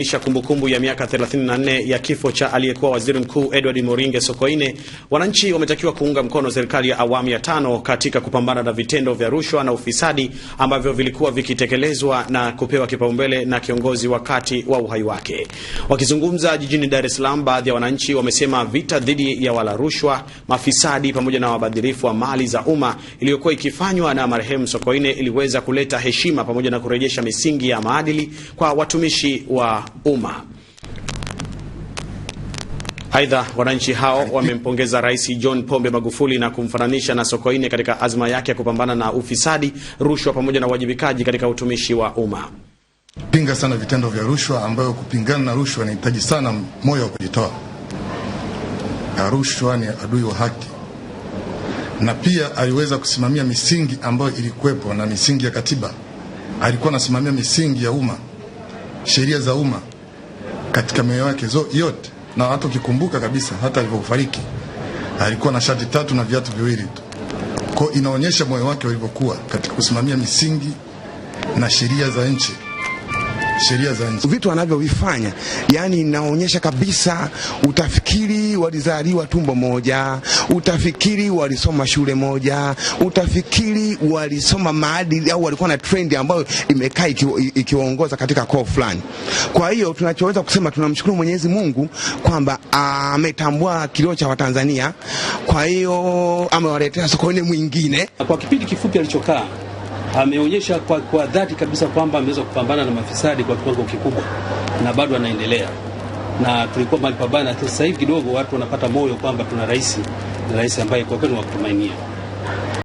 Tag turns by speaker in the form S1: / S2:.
S1: isha kumbukumbu ya miaka 34 ya kifo cha aliyekuwa waziri mkuu Edward Moringe Sokoine, wananchi wametakiwa kuunga mkono serikali ya awamu ya tano katika kupambana na vitendo vya rushwa na ufisadi ambavyo vilikuwa vikitekelezwa na kupewa kipaumbele na kiongozi wakati wa uhai wake. Wakizungumza jijini Dar es Salaam, baadhi ya wananchi wamesema vita dhidi ya wala rushwa, mafisadi pamoja na wabadhirifu wa mali za umma iliyokuwa ikifanywa na marehemu Sokoine iliweza kuleta heshima pamoja na kurejesha misingi ya maadili kwa watumishi wa umma. Aidha, wananchi hao wamempongeza Rais John Pombe Magufuli na kumfananisha na Sokoine katika azma yake ya kupambana na ufisadi, rushwa pamoja na uwajibikaji katika utumishi wa umma.
S2: Pinga sana vitendo vya rushwa, ambayo kupingana na rushwa inahitaji sana moyo wa kujitoa. Rushwa ni adui wa haki, na pia aliweza kusimamia misingi ambayo ilikuwepo na misingi ya katiba, alikuwa anasimamia misingi ya umma sheria za umma katika mioyo yake yote, na hata ukikumbuka kabisa, hata alivyofariki alikuwa na shati tatu na viatu viwili tu. Kwa inaonyesha moyo wake ulivyokuwa katika kusimamia misingi na sheria za nchi sheria za nchi,
S3: vitu anavyovifanya yani inaonyesha kabisa, utafikiri walizaliwa tumbo moja, utafikiri walisoma shule moja, utafikiri walisoma maadili au walikuwa na trendi ambayo imekaa ikiongoza katika koo fulani. Kwa hiyo tunachoweza kusema, tunamshukuru Mwenyezi Mungu kwamba ah, ametambua kilio cha Watanzania, kwa hiyo amewaletea sokoni mwingine
S4: kwa kipindi kifupi alichokaa ameonyesha kwa, kwa dhati kabisa kwamba ameweza kupambana na mafisadi kwa kiwango kikubwa na bado anaendelea, na tulikuwa mahali pabaya. Sasa hivi kidogo watu wanapata moyo kwamba tuna rais, rais ambaye kwa kweli wakutumainia.